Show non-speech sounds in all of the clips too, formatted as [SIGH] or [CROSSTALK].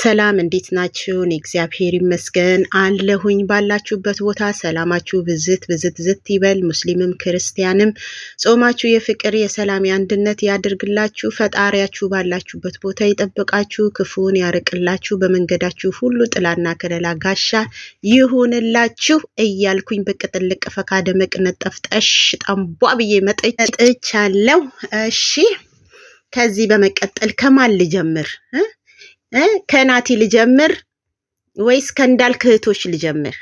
ሰላም እንዴት ናችሁን? እግዚአብሔር ይመስገን አለሁኝ። ባላችሁበት ቦታ ሰላማችሁ ብዝት ብዝት ዝት ይበል። ሙስሊምም ክርስቲያንም ጾማችሁ የፍቅር የሰላም የአንድነት ያድርግላችሁ። ፈጣሪያችሁ ባላችሁበት ቦታ ይጠብቃችሁ፣ ክፉን ያርቅላችሁ፣ በመንገዳችሁ ሁሉ ጥላና ከለላ ጋሻ ይሁንላችሁ እያልኩኝ ብቅ ጥልቅ ፈካ ደመቅ ነጠፍ ጠሽ ጠንቧ ብዬ መጥቻለሁ። እሺ ከዚህ በመቀጠል ከማን ልጀምር? ከናቲ ልጀምር ወይስ ከእንዳልክ እህቶች ልጀምር?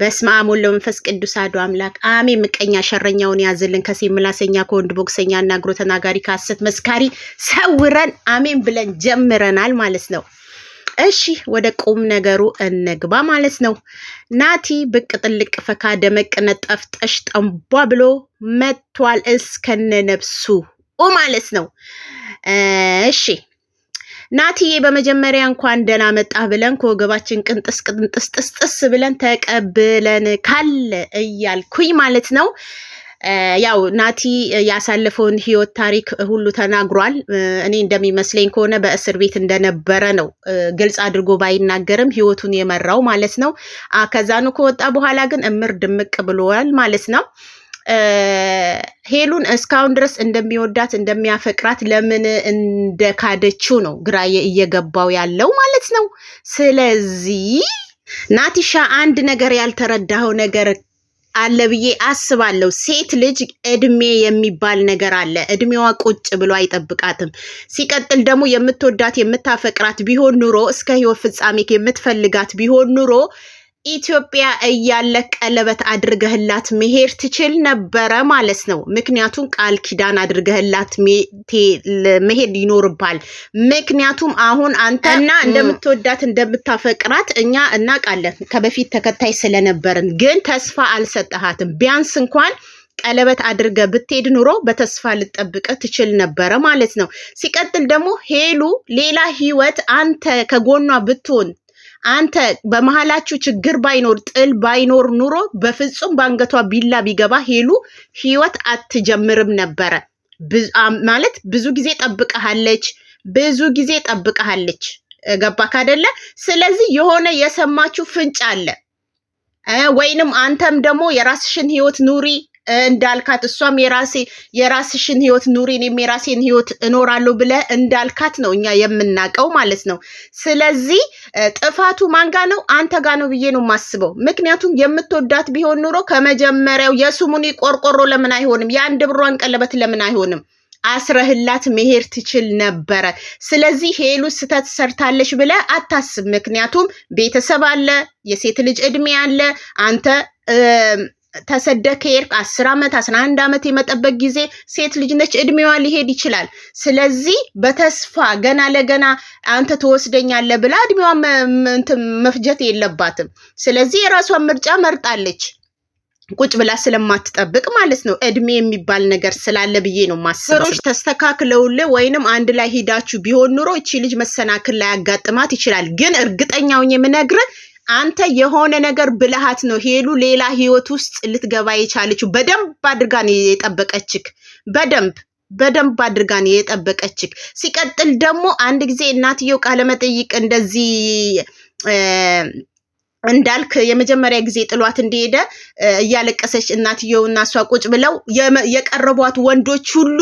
በስመ አብ ወወልድ ወመንፈስ ቅዱስ አሐዱ አምላክ አሜን። ምቀኛ ሸረኛውን ያዝልን፣ ከሴት ምላሰኛ፣ ከወንድ ቦክሰኛ እና እግሮ ተናጋሪ፣ ከሐሰት መስካሪ ሰውረን። አሜን ብለን ጀምረናል ማለት ነው። እሺ ወደ ቁም ነገሩ እንግባ ማለት ነው። ናቲ ብቅ ጥልቅ ፈካ ደመቅ ነጠፍ ጠሽ ጠንቧ ብሎ መጥቷል፣ እስከነ ነብሱ ማለት ነው። እሺ ናትዬ በመጀመሪያ እንኳን ደህና መጣህ ብለን ከወገባችን ቅንጥስ ቅንጥስ ጥስጥስ ብለን ተቀብለን ካለ እያልኩኝ ማለት ነው። ያው ናቲ ያሳለፈውን ህይወት ታሪክ ሁሉ ተናግሯል። እኔ እንደሚመስለኝ ከሆነ በእስር ቤት እንደነበረ ነው ግልጽ አድርጎ ባይናገርም ህይወቱን የመራው ማለት ነው። ከዛኑ ከወጣ በኋላ ግን እምር ድምቅ ብሏል ማለት ነው። ሄሉን እስካሁን ድረስ እንደሚወዳት እንደሚያፈቅራት ለምን እንደካደችው ነው ግራ እየገባው ያለው ማለት ነው። ስለዚህ ናቲሻ አንድ ነገር ያልተረዳኸው ነገር አለ ብዬ አስባለሁ። ሴት ልጅ እድሜ የሚባል ነገር አለ። እድሜዋ ቁጭ ብሎ አይጠብቃትም። ሲቀጥል ደግሞ የምትወዳት የምታፈቅራት ቢሆን ኑሮ እስከ ሕይወት ፍጻሜ የምትፈልጋት ቢሆን ኑሮ ኢትዮጵያ እያለ ቀለበት አድርገህላት መሄድ ትችል ነበረ ማለት ነው። ምክንያቱም ቃል ኪዳን አድርገህላት መሄድ ይኖርባል። ምክንያቱም አሁን አንተ እና እንደምትወዳት እንደምታፈቅራት እኛ እናውቃለን ከበፊት ተከታይ ስለነበርን፣ ግን ተስፋ አልሰጠሃትም። ቢያንስ እንኳን ቀለበት አድርገ ብትሄድ ኑሮ በተስፋ ልጠብቀ ትችል ነበረ ማለት ነው። ሲቀጥል ደግሞ ሄሉ ሌላ ህይወት አንተ ከጎኗ ብትሆን አንተ በመሀላችሁ ችግር ባይኖር ጥል ባይኖር ኑሮ በፍጹም በአንገቷ ቢላ ቢገባ ሄሉ ህይወት አትጀምርም ነበረ። ማለት ብዙ ጊዜ ጠብቀሃለች፣ ብዙ ጊዜ ጠብቀሃለች። ገባ አይደለ? ስለዚህ የሆነ የሰማችሁ ፍንጭ አለ ወይንም አንተም ደግሞ የራስሽን ህይወት ኑሪ እንዳልካት እሷም የራሴ የራስሽን ህይወት ኑሪ እኔም የራሴን ህይወት እኖራለሁ ብለ እንዳልካት ነው እኛ የምናውቀው ማለት ነው። ስለዚህ ጥፋቱ ማንጋ ነው? አንተ ጋ ነው ብዬ ነው ማስበው። ምክንያቱም የምትወዳት ቢሆን ኑሮ ከመጀመሪያው የሱሙኒ ቆርቆሮ ለምን አይሆንም? የአንድ ብሯን ቀለበት ለምን አይሆንም? አስረህላት መሄድ ትችል ነበረ። ስለዚህ ሄሉ ስተት ሰርታለች ብለ አታስብ። ምክንያቱም ቤተሰብ አለ፣ የሴት ልጅ እድሜ አለ አንተ ተሰደህ ከሄድክ አስር ዓመት አስራ አንድ ዓመት የመጠበቅ ጊዜ ሴት ልጅ ነች፣ እድሜዋ ሊሄድ ይችላል። ስለዚህ በተስፋ ገና ለገና አንተ ትወስደኛለህ ብላ እድሜዋ መፍጀት የለባትም። ስለዚህ የራሷን ምርጫ መርጣለች። ቁጭ ብላ ስለማትጠብቅ ማለት ነው። እድሜ የሚባል ነገር ስላለ ብዬ ነው ማስበው። ተስተካክለውል ወይንም አንድ ላይ ሂዳችሁ ቢሆን ኑሮ እቺ ልጅ መሰናክል ላይ ያጋጥማት ይችላል። ግን እርግጠኛውን የምነግርህ አንተ የሆነ ነገር ብልሃት ነው ሄሉ ሌላ ህይወት ውስጥ ልትገባ የቻለችው። በደንብ አድርጋ ነው የጠበቀችክ። በደንብ በደንብ አድርጋ ነው የጠበቀችክ። ሲቀጥል ደግሞ አንድ ጊዜ እናትየው ቃለመጠይቅ እንደዚህ እንዳልክ የመጀመሪያ ጊዜ ጥሏት እንደሄደ እያለቀሰች እናትየው እሷ ቁጭ ብለው የቀረቧት ወንዶች ሁሉ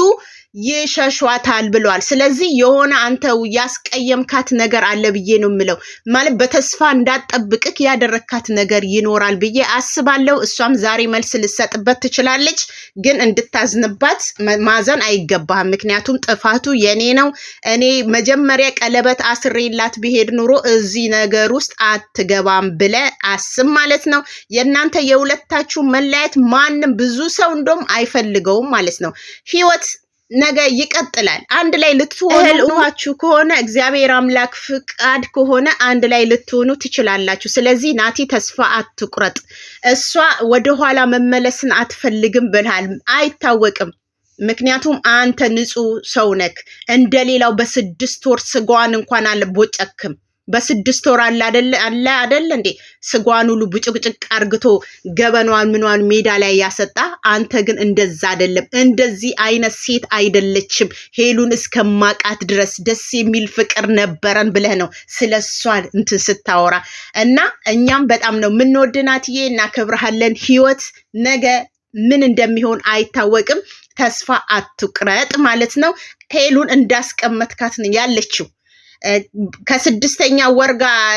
ይሸሿታል ብለዋል። ስለዚህ የሆነ አንተ ያስቀየምካት ነገር አለ ብዬ ነው የምለው። ማለት በተስፋ እንዳጠብቅክ ያደረግካት ነገር ይኖራል ብዬ አስባለሁ። እሷም ዛሬ መልስ ልሰጥበት ትችላለች፣ ግን እንድታዝንባት ማዘን አይገባህም። ምክንያቱም ጥፋቱ የኔ ነው። እኔ መጀመሪያ ቀለበት አስሬላት ብሄድ ኑሮ እዚህ ነገር ውስጥ አትገባም ብለ አስብ ማለት ነው። የእናንተ የሁለታችሁ መለያየት ማንም ብዙ ሰው እንደውም አይፈልገውም ማለት ነው ህይወት ነገ ይቀጥላል። አንድ ላይ ልትሆኑ ከሆነ እግዚአብሔር አምላክ ፍቃድ ከሆነ አንድ ላይ ልትሆኑ ትችላላችሁ። ስለዚህ ናቲ ተስፋ አትቁረጥ። እሷ ወደኋላ መመለስን አትፈልግም ብልሃል አይታወቅም። ምክንያቱም አንተ ንጹህ ሰው ነክ እንደሌላው በስድስት ወር ስጋዋን እንኳን አልቦጨክም። በስድስት ወር አለ አደለ እንዴ ስጓን ሁሉ ብጭቅጭቅ አርግቶ ገበኗን ምኗን ሜዳ ላይ ያሰጣ። አንተ ግን እንደዛ አይደለም፣ እንደዚህ አይነት ሴት አይደለችም። ሄሉን እስከማቃት ድረስ ደስ የሚል ፍቅር ነበረን ብለህ ነው ስለ እሷን እንትን ስታወራ እና እኛም በጣም ነው የምንወድናትዬ እናከብረሃለን። ህይወት ነገ ምን እንደሚሆን አይታወቅም። ተስፋ አትቁረጥ ማለት ነው። ሄሉን እንዳስቀመጥካት ነው ያለችው። ከስድስተኛ ወር ጋር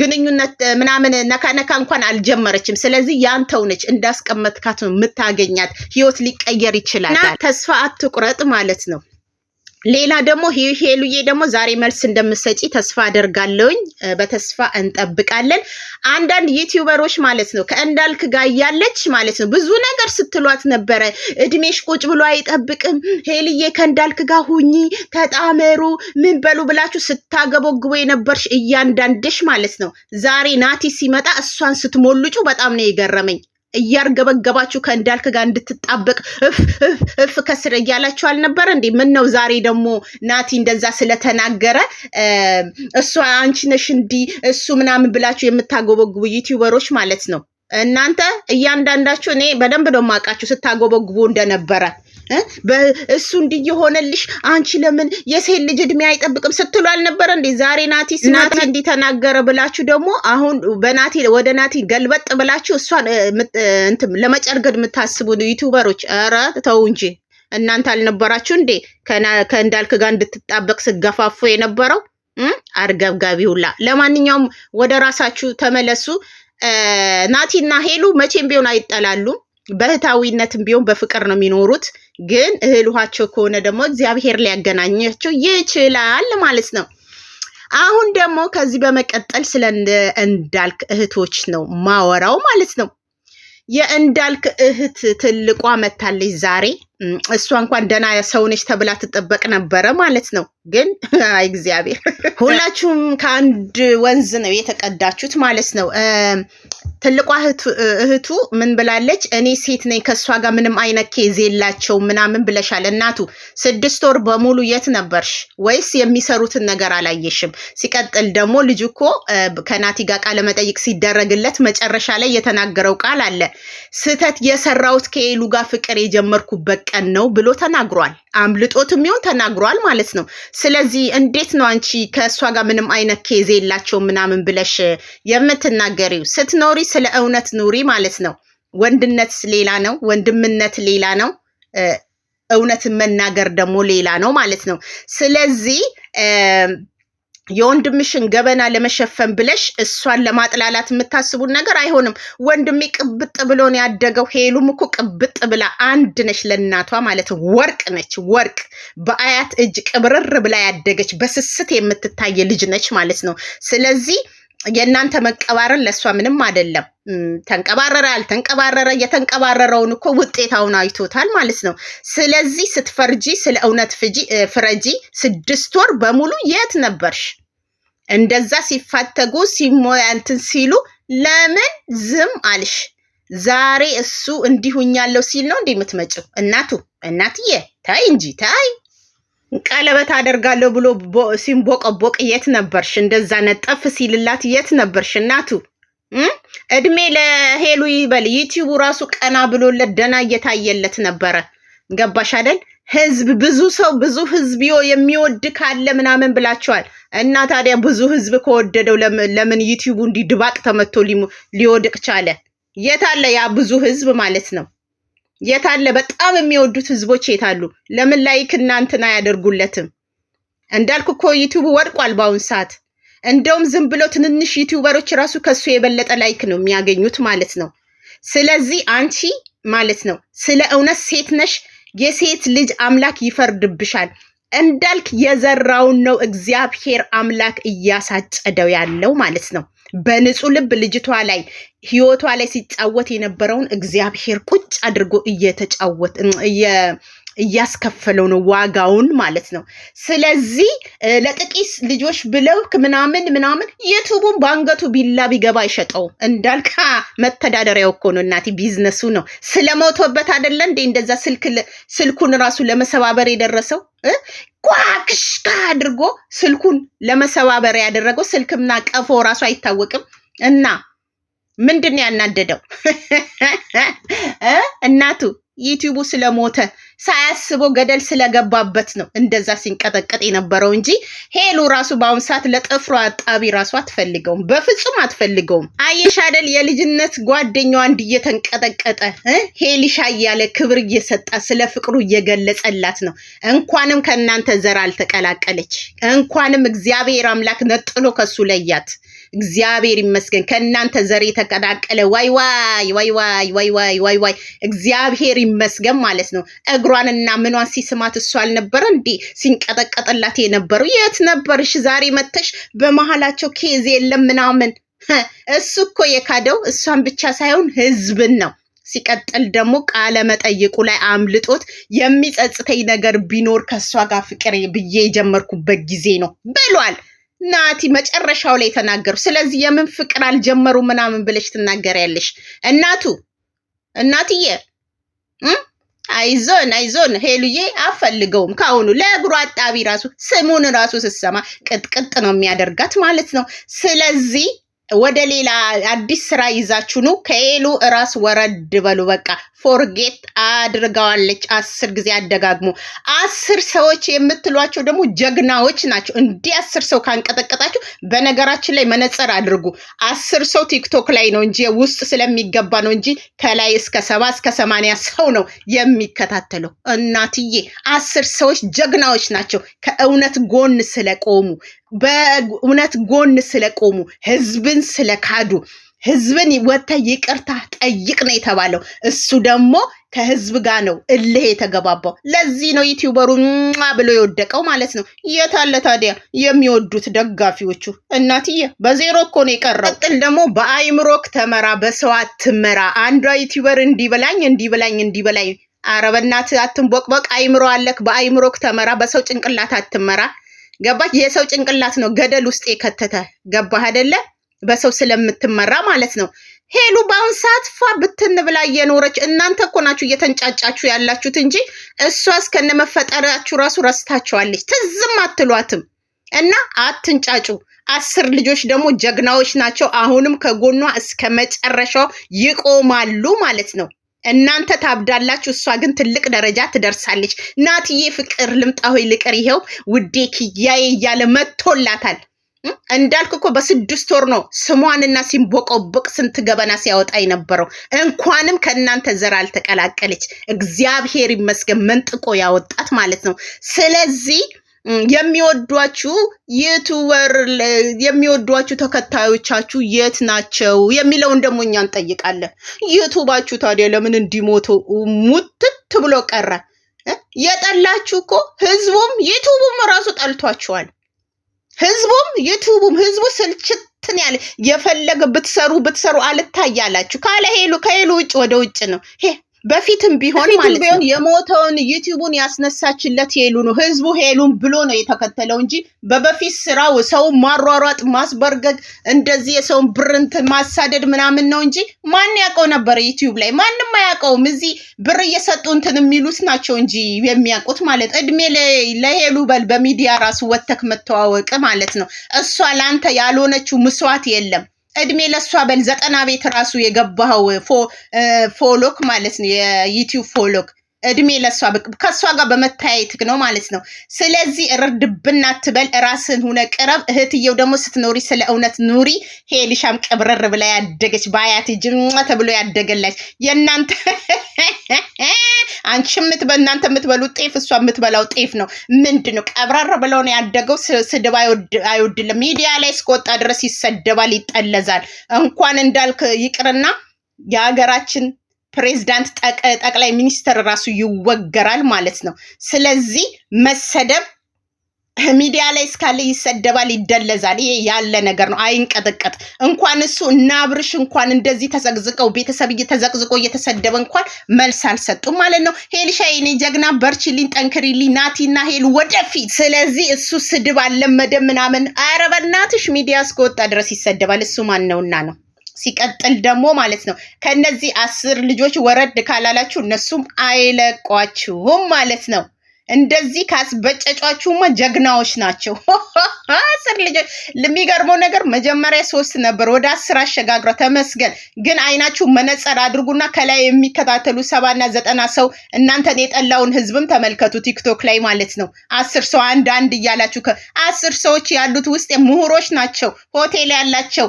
ግንኙነት ምናምን ነካነካ እንኳን አልጀመረችም። ስለዚህ ያንተው ነች እንዳስቀመጥካት የምታገኛት። ህይወት ሊቀየር ይችላል። ተስፋ አትቁረጥ ማለት ነው። ሌላ ደግሞ ሄሉዬ ደግሞ ዛሬ መልስ እንደምሰጪ ተስፋ አደርጋለሁኝ። በተስፋ እንጠብቃለን። አንዳንድ ዩቲዩበሮች ማለት ነው ከእንዳልክ ጋር እያለች ማለት ነው ብዙ ነገር ስትሏት ነበረ። እድሜሽ ቁጭ ብሎ አይጠብቅም ሄልዬ፣ ከእንዳልክ ጋር ሁኚ፣ ተጣመሩ፣ ምን በሉ ብላችሁ ስታገቦግቦ የነበርሽ እያንዳንድሽ ማለት ነው ዛሬ ናቲ ሲመጣ እሷን ስትሞልጩ በጣም ነው የገረመኝ። እያርገበገባችሁ ከእንዳልክ ጋር እንድትጣበቅ እፍ እፍ እፍ ከስር እያላችሁ አልነበረ እንዴ? ምን ነው ዛሬ ደግሞ ናቲ እንደዛ ስለተናገረ እሷ አንቺ ነሽ እንዲህ እሱ ምናምን ብላችሁ የምታጎበግቡ ዩቲዩበሮች ማለት ነው። እናንተ እያንዳንዳችሁ እኔ በደንብ ነው የማውቃችሁ ስታጎበግቡ እንደነበረ እሱ እንዲህ የሆነልሽ አንቺ ለምን የሴት ልጅ እድሜ አይጠብቅም ስትሉ አልነበረ እንዴ? ዛሬ ናቲ ናቲ እንዲህ ተናገረ ብላችሁ ደግሞ አሁን በናቲ ወደ ናቲ ገልበጥ ብላችሁ እሷን ለመጨርገድ የምታስቡ ዩቱበሮች ኧረ ተው እንጂ እናንተ አልነበራችሁ እንዴ ከእንዳልክ ጋር እንድትጣበቅ ስገፋፎ የነበረው አርገብጋቢ ሁላ። ለማንኛውም ወደ ራሳችሁ ተመለሱ። ናቲና ሄሉ መቼም ቢሆን አይጠላሉም። በእህታዊነትም ቢሆን በፍቅር ነው የሚኖሩት። ግን እህል ውሃቸው ከሆነ ደግሞ እግዚአብሔር ሊያገናኛቸው ይችላል ማለት ነው። አሁን ደግሞ ከዚህ በመቀጠል ስለ እንዳልክ እህቶች ነው ማወራው ማለት ነው። የእንዳልክ እህት ትልቋ መታለች ዛሬ እሷ እንኳን ደህና ሰው ነች ተብላ ትጠበቅ ነበረ ማለት ነው። ግን [LAUGHS] አይ እግዚአብሔር፣ [LAUGHS] ሁላችሁም ከአንድ ወንዝ ነው የተቀዳችሁት ማለት ነው። ትልቋ እህቱ ምን ብላለች? እኔ ሴት ነኝ ከእሷ ጋር ምንም አይነት ኬዝ የላቸው ምናምን ብለሻል። እናቱ ስድስት ወር በሙሉ የት ነበርሽ? ወይስ የሚሰሩትን ነገር አላየሽም? ሲቀጥል ደግሞ ልጅ እኮ ከናቲ ጋር ቃለ መጠይቅ ሲደረግለት መጨረሻ ላይ የተናገረው ቃል አለ ስህተት የሰራሁት ከኤሉ ጋር ፍቅር የጀመርኩበት ቀን ነው ብሎ ተናግሯል። አምልጦት የሚሆን ተናግሯል ማለት ነው። ስለዚህ እንዴት ነው አንቺ ከእሷ ጋር ምንም አይነት ኬዝ የላቸው ምናምን ብለሽ የምትናገሪው? ስትኖሪ ስለ እውነት ኑሪ ማለት ነው። ወንድነት ሌላ ነው፣ ወንድምነት ሌላ ነው፣ እውነትን መናገር ደግሞ ሌላ ነው ማለት ነው። ስለዚህ የወንድምሽን ገበና ለመሸፈን ብለሽ እሷን ለማጥላላት የምታስቡን ነገር አይሆንም። ወንድሜ ቅብጥ ብሎን ያደገው ሄሉም እኮ ቅብጥ ብላ አንድ ነች፣ ለእናቷ ማለት ወርቅ ነች። ወርቅ በአያት እጅ ቅብርር ብላ ያደገች በስስት የምትታይ ልጅ ነች ማለት ነው። ስለዚህ የእናንተ መቀባረር ለእሷ ምንም አይደለም። ተንቀባረረ አልተንቀባረረ የተንቀባረረውን እኮ ውጤታውን አይቶታል ማለት ነው። ስለዚህ ስትፈርጂ ስለ እውነት ፍረጂ። ስድስት ወር በሙሉ የት ነበርሽ? እንደዛ ሲፋተጉ ሲሞያንትን ሲሉ ለምን ዝም አልሽ? ዛሬ እሱ እንዲሁኛለው ሲል ነው እንዴ የምትመጪው? እናቱ እናትዬ ታይ እንጂ ታይ ቀለበት አደርጋለሁ ብሎ ሲንቦቀቦቅ የት ነበርሽ? እንደዛ ነጠፍ ሲልላት የት ነበርሽ? እናቱ እድሜ ለሄሉ ይበል። ዩቲዩቡ ራሱ ቀና ብሎለት ደና እየታየለት ነበረ። ገባሽ አደል? ህዝብ ብዙ ሰው ብዙ ህዝብ የሚወድ ካለ ምናምን ብላችኋል። እና ታዲያ ብዙ ህዝብ ከወደደው ለምን ዩቲዩቡ እንዲህ ድባቅ ተመቶ ሊወድቅ ቻለ? የታለ ያ ብዙ ህዝብ ማለት ነው? የታለ በጣም የሚወዱት ህዝቦች የታሉ? ለምን ላይክ እናንትን አያደርጉለትም? እንዳልኩ እኮ ዩቲዩብ ወድቋል በአሁን ሰዓት። እንደውም ዝም ብሎ ትንንሽ ዩቲዩበሮች ራሱ ከሱ የበለጠ ላይክ ነው የሚያገኙት ማለት ነው። ስለዚህ አንቺ ማለት ነው ስለ እውነት ሴት ነሽ የሴት ልጅ አምላክ ይፈርድብሻል እንዳልክ የዘራውን ነው እግዚአብሔር አምላክ እያሳጨደው ያለው ማለት ነው። በንጹህ ልብ ልጅቷ ላይ ህይወቷ ላይ ሲጫወት የነበረውን እግዚአብሔር ቁጭ አድርጎ እየተጫወት እያስከፈለው ነው ዋጋውን ማለት ነው። ስለዚህ ለጥቂት ልጆች ብለው ምናምን ምናምን የቱቡን በአንገቱ ቢላ ቢገባ አይሸጠውም። እንዳልከ መተዳደሪያው እኮ ነው እናቴ፣ ቢዝነሱ ነው። ስለሞቶበት አደለ እንዴ እንደዛ ስልኩን ራሱ ለመሰባበር የደረሰው ኳክሽካ አድርጎ ስልኩን ለመሰባበር ያደረገው ስልክምና ቀፎ ራሱ አይታወቅም እና ምንድን ነው ያናደደው [LAUGHS] እናቱ ዩቲዩቡ ስለሞተ ሳያስቦ ገደል ስለገባበት ነው እንደዛ ሲንቀጠቀጥ የነበረው እንጂ ሄሉ ራሱ በአሁኑ ሰዓት ለጠፍሮ አጣቢ ራሱ አትፈልገውም፣ በፍጹም አትፈልገውም። አየሽ አይደል የልጅነት ጓደኛዋ እንዲህ እየተንቀጠቀጠ ሄልሻ እያለ ክብር እየሰጣ ስለ ፍቅሩ እየገለጸላት ነው። እንኳንም ከእናንተ ዘር አልተቀላቀለች፣ እንኳንም እግዚአብሔር አምላክ ነጥሎ ከሱ ለያት። እግዚአብሔር ይመስገን። ከእናንተ ዘር የተቀላቀለ ዋይ ዋይ ዋይ ዋይ ዋይ ዋይ ዋይ ዋይ እግዚአብሔር ይመስገን ማለት ነው። እግሯንና ምኗን ሲስማት እሱ አልነበረ እንዴ ሲንቀጠቀጥላት የነበረው? የት ነበርሽ? ዛሬ መተሽ በመሀላቸው ኬዝ የለም ምናምን። እሱ እኮ የካደው እሷን ብቻ ሳይሆን ህዝብን ነው። ሲቀጥል ደግሞ ቃለ መጠይቁ ላይ አምልጦት የሚጸጽተኝ ነገር ቢኖር ከእሷ ጋር ፍቅር ብዬ የጀመርኩበት ጊዜ ነው ብሏል። ናቲ መጨረሻው ላይ ተናገሩ። ስለዚህ የምን ፍቅር አልጀመሩ ምናምን ብለሽ ትናገሪያለሽ። እናቱ እናትዬ አይዞን አይዞን ሄሉዬ አፈልገውም። ከአሁኑ ለእግሩ አጣቢ ራሱ ስሙን ራሱ ስሰማ ቅጥቅጥ ነው የሚያደርጋት ማለት ነው። ስለዚህ ወደ ሌላ አዲስ ስራ ይዛችሁ ከሄሉ እራስ ወረድ በሉ በቃ። ፎርጌት አድርገዋለች። አስር ጊዜ አደጋግሞ አስር ሰዎች የምትሏቸው ደግሞ ጀግናዎች ናቸው። እንዲህ አስር ሰው ካንቀጠቀጣችሁ፣ በነገራችን ላይ መነጽር አድርጉ። አስር ሰው ቲክቶክ ላይ ነው እንጂ ውስጥ ስለሚገባ ነው እንጂ ከላይ እስከ ሰባ እስከ ሰማንያ ሰው ነው የሚከታተለው። እናትዬ አስር ሰዎች ጀግናዎች ናቸው ከእውነት ጎን ስለቆሙ በእውነት ጎን ስለቆሙ ህዝብን ስለካዱ ህዝብን ወጥተ ይቅርታ ጠይቅ ነው የተባለው። እሱ ደግሞ ከህዝብ ጋር ነው እልህ የተገባባው። ለዚህ ነው ዩቲዩበሩ ብሎ የወደቀው ማለት ነው። የታለ ታዲያ የሚወዱት ደጋፊዎቹ? እናትዬ በዜሮ እኮ ነው የቀረው። ቀጥል ደግሞ በአይምሮክ ተመራ፣ በሰው አትመራ። አንዷ ዩቲዩበር እንዲበላኝ እንዲበላኝ እንዲበላኝ። ኧረ በእናትህ አትንቦቅቦቅ። አይምሮ አለክ። በአይምሮክ ተመራ፣ በሰው ጭንቅላት አትመራ። ገባች? የሰው ጭንቅላት ነው ገደል ውስጥ የከተተ ገባህ አይደለ? በሰው ስለምትመራ ማለት ነው። ሄሉ በአሁን ሰዓት ፋ ብትን ብላ እየኖረች እናንተ እኮ ናችሁ እየተንጫጫችሁ ያላችሁት እንጂ እሷ እስከነ ራሱ ረስታችኋለች። ትዝም አትሏትም። እና አትንጫጩ። አስር ልጆች ደግሞ ጀግናዎች ናቸው። አሁንም ከጎኗ እስከ መጨረሻው ይቆማሉ ማለት ነው። እናንተ ታብዳላችሁ፣ እሷ ግን ትልቅ ደረጃ ትደርሳለች። ናትዬ ፍቅር ልምጣ ሆይ ልቅር፣ ይኸው ውዴ ክያዬ እያለ መጥቶላታል። እንዳልክ እኮ በስድስት ወር ነው ስሟንና ሲንቦቀቦቅ ስንት ገበና ሲያወጣ የነበረው። እንኳንም ከእናንተ ዘር አልተቀላቀለች። እግዚአብሔር ይመስገን መንጥቆ ያወጣት ማለት ነው። ስለዚህ የሚወዷችሁ ዩቱበር የሚወዷችሁ ተከታዮቻችሁ የት ናቸው የሚለውን ደግሞ እኛ እንጠይቃለን። ዩቱባችሁ ታዲያ ለምን እንዲሞቱ ሙትት ብሎ ቀረ? የጠላችሁ እኮ ህዝቡም ዩቱቡም ራሱ ጠልቷችኋል። ህዝቡም ዩቱቡም ህዝቡ ስልችትን ያለ የፈለገ ብትሰሩ ብትሰሩ አልታያላችሁ ካለ ሄሉ ከሄሉ ውጭ ወደ ውጭ ነው። ሄ በፊትም ቢሆን ማለት ነው የሞተውን ዩቲዩቡን ያስነሳችለት ሄሉ ነው። ህዝቡ ሄሉን ብሎ ነው የተከተለው እንጂ በበፊት ስራው ሰው ማሯሯጥ፣ ማስበርገግ፣ እንደዚህ የሰውን ብርንት ማሳደድ ምናምን ነው እንጂ ማን ያውቀው ነበር? ዩቲዩብ ላይ ማንም አያውቀውም። እዚህ ብር እየሰጡ እንትን የሚሉት ናቸው እንጂ የሚያውቁት ማለት እድሜ ለሄሉ በል። በሚዲያ ራሱ ወተክ መተዋወቅ ማለት ነው። እሷ ለአንተ ያልሆነችው ምስዋት የለም። እድሜ ለሷ በል ዘጠና ቤት ራሱ የገባኸው ፎሎክ ማለት ነው የዩቲዩብ ፎሎክ እድሜ ለሷ ለእሷ ከእሷ ጋር በመታየትክ ነው ማለት ነው። ስለዚህ ርድብና ትበል ራስን ሁነ ቅረብ። እህትየው ደግሞ ስትኖሪ ስለ እውነት ኑሪ። ሄልሻም ቅብረር ብላ ያደገች ባያት ጅማ ተብሎ ያደገላች የእናንተ [LAUGHS] አንቺ ምትበ እናንተ የምትበሉ ጤፍ እሷ የምትበላው ጤፍ ነው። ምንድን ነው ቀብረር ብለው ነው ያደገው። ስድብ አይወድልም። ሚዲያ ላይ እስከወጣ ድረስ ይሰደባል፣ ይጠለዛል። እንኳን እንዳልክ ይቅርና የሀገራችን ፕሬዝዳንት፣ ጠቅላይ ሚኒስትር ራሱ ይወገራል ማለት ነው። ስለዚህ መሰደብ ሚዲያ ላይ እስካለ ይሰደባል፣ ይደለዛል። ይሄ ያለ ነገር ነው። አይንቀጥቀጥ እንኳን እሱ እና አብርሽ እንኳን እንደዚህ ተዘቅዝቀው ቤተሰብ እየተዘቅዝቆ እየተሰደበ እንኳን መልስ አልሰጡም ማለት ነው። ሄልሻ የኔ ጀግና በርችሊን፣ ጠንክሪልኝ፣ ናቲና ሄል ወደፊት። ስለዚህ እሱ ስድብ አለመደ ምናምን። ኧረ በናትሽ ሚዲያ እስከወጣ ድረስ ይሰደባል። እሱ ማን ነውና ነው? ሲቀጥል ደግሞ ማለት ነው ከእነዚህ አስር ልጆች ወረድ ካላላችሁ እነሱም አይለቋችሁም ማለት ነው። እንደዚህ ካስበጨጫችሁማ ጀግናዎች ናቸው። አስር [LAUGHS] ልጆች። የሚገርመው ነገር መጀመሪያ ሶስት ነበር፣ ወደ አስር አሸጋግሯ። ተመስገን። ግን አይናችሁ መነጸር አድርጉና ከላይ የሚከታተሉ ሰባና ዘጠና ሰው እናንተን የጠላውን ህዝብም ተመልከቱ፣ ቲክቶክ ላይ ማለት ነው። አስር ሰው አንድ አንድ እያላችሁ ከአስር ሰዎች ያሉት ውስጥ ምሁሮች ናቸው፣ ሆቴል ያላቸው፣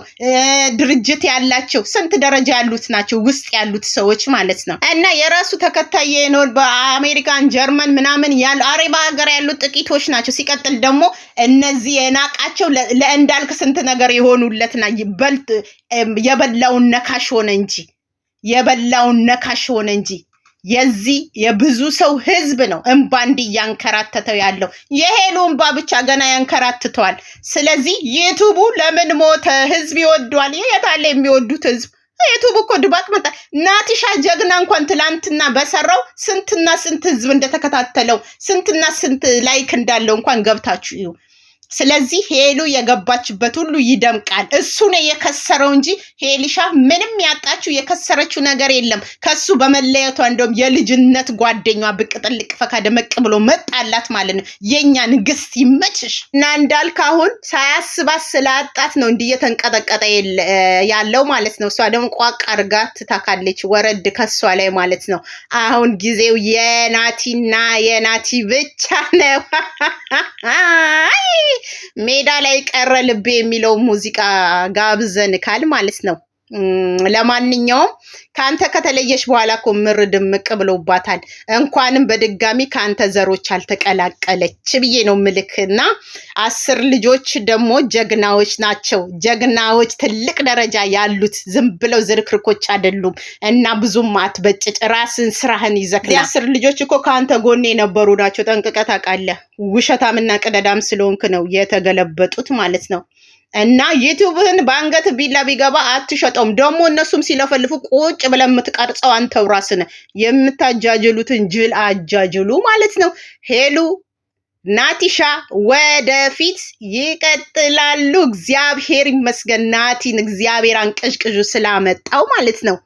ድርጅት ያላቸው፣ ስንት ደረጃ ያሉት ናቸው ውስጥ ያሉት ሰዎች ማለት ነው። እና የራሱ ተከታይ ነው በአሜሪካን ጀርመን ምናምን ያ ያሉ አሬባ ሀገር ያሉ ጥቂቶች ናቸው። ሲቀጥል ደግሞ እነዚህ የናቃቸው ለእንዳልክ ስንት ነገር የሆኑለትና በልጥ የበላውን ነካሽ ሆነ እንጂ የበላውን ነካሽ ሆነ እንጂ የዚህ የብዙ ሰው ህዝብ ነው እንባ እንዲህ እያንከራተተው ያለው የሄሉ እንባ ብቻ ገና ያንከራትተዋል። ስለዚህ ዩቱቡ ለምን ሞተ? ህዝብ ይወዷል። የታለ የሚወዱት ህዝብ የቱብ እኮ ድባቅ መጣ። ናቲሻ ጀግና እንኳን ትላንትና በሰራው ስንትና ስንት ህዝብ እንደተከታተለው ስንትና ስንት ላይክ እንዳለው እንኳን ገብታችሁ ስለዚህ ሄሉ የገባችበት ሁሉ ይደምቃል። እሱ ነው የከሰረው እንጂ ሄልሻ ምንም ያጣችው የከሰረችው ነገር የለም። ከሱ በመለየቷ እንደውም የልጅነት ጓደኛ ብቅ ጥልቅ ፈካ ደመቅ ብሎ መጣላት ማለት ነው። የኛ ንግስት ይመችሽ። እና እንዳልክ አሁን ሳያስባት ስለአጣት ነው እንዲህ እየተንቀጠቀጠ ያለው ማለት ነው። እሷ ደግሞ ቋቅ አርጋ ትታካለች፣ ወረድ ከሷ ላይ ማለት ነው። አሁን ጊዜው የናቲና የናቲ ብቻ ነው። [LAUGHS] ሜዳ ላይ ቀረ ልቤ የሚለው ሙዚቃ ካል ማለት ነው። ለማንኛውም ከአንተ ከተለየሽ በኋላ እኮ ምር ድምቅ ብሎባታል። እንኳንም በድጋሚ ከአንተ ዘሮች አልተቀላቀለች ብዬ ነው ምልክ እና አስር ልጆች ደግሞ ጀግናዎች ናቸው። ጀግናዎች ትልቅ ደረጃ ያሉት ዝም ብለው ዝርክርኮች አይደሉም። እና ብዙም አትበጭጭ፣ ራስን ስራህን ይዘክና አስር ልጆች እኮ ከአንተ ጎን የነበሩ ናቸው። ጠንቅቀት አውቃለህ። ውሸታምና ቅደዳም ስለሆንክ ነው የተገለበጡት ማለት ነው። እና ዩቲዩብን በአንገት ቢላ ቢገባ አትሸጠውም። ደግሞ እነሱም ሲለፈልፉ ቁጭ ብለህ የምትቀርጸው አንተው ራስን የምታጃጅሉትን ጅል አጃጅሉ ማለት ነው። ሄሉ ናቲሻ ወደፊት ይቀጥላሉ። እግዚአብሔር ይመስገን ናቲን እግዚአብሔር አንቀዥቅዥ ስላመጣው ማለት ነው።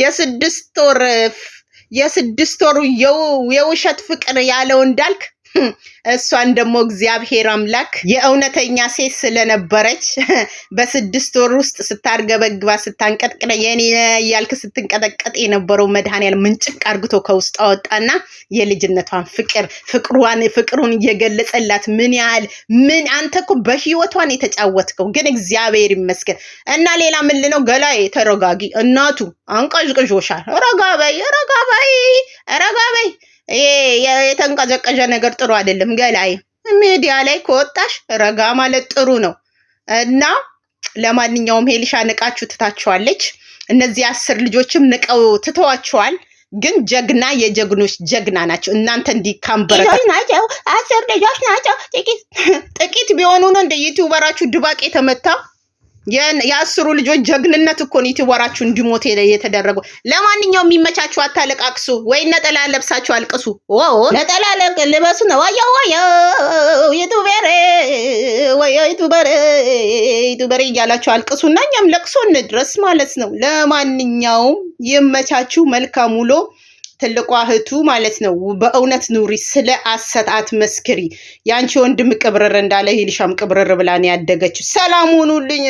የስድስት ወር የስድስት ወሩ የውሸት ፍቅር ያለው እንዳልክ እሷን ደግሞ እግዚአብሔር አምላክ የእውነተኛ ሴት ስለነበረች በስድስት ወር ውስጥ ስታርገበግባ ስታንቀጥቅጠ የኔ እያልክ ስትንቀጠቀጥ የነበረው መድኃኒዓለም ምንጭቅ አርግቶ ከውስጥ አወጣና የልጅነቷን ፍቅር ፍቅሯን ፍቅሩን እየገለጸላት ምን ያህል ምን አንተ እኮ በህይወቷን የተጫወትከው ግን እግዚአብሔር ይመስገን እና ሌላ ምን ልነው ገላዬ ተረጋጊ እናቱ አንቀዥቅዦሻል ረጋ ረጋበይ ረጋበይ በይ የተንቀዘቀዘ ነገር ጥሩ አይደለም። ገላይ ሚዲያ ላይ ከወጣሽ ረጋ ማለት ጥሩ ነው እና ለማንኛውም ሄልሻ ንቃችሁ ትታችኋለች። እነዚህ አስር ልጆችም ንቀው ትተዋችኋል። ግን ጀግና የጀግኖች ጀግና ናቸው። እናንተ እንዲህ ናቸው። አስር ልጆች ናቸው። ጥቂት ቢሆኑ ነው እንደ ዩቲዩበራችሁ ድባቅ የተመታ የአስሩ ልጆች ጀግንነት እኮ ነው ይትወራችሁ እንዲሞት የተደረገ። ለማንኛውም የሚመቻችሁ አታለቃቅሱ፣ ወይ ነጠላ ለብሳችሁ አልቅሱ። ነጠላ ልበሱ ነው ዋየ ዋየ ዩቱበሬ ወየ ዩቱበሬ ዩቱበሬ እያላችሁ አልቅሱ እና እኛም ለቅሶ እንድረስ ማለት ነው። ለማንኛውም ይመቻችሁ። መልካም ውሎ ትልቋ እህቱ ማለት ነው። በእውነት ኑሪ፣ ስለ አሰት አትመስክሪ። የአንቺ ወንድም ቅብርር እንዳለ ሂልሻም ቅብርር ብላን ያደገችው። ሰላም ሁኑልኝ።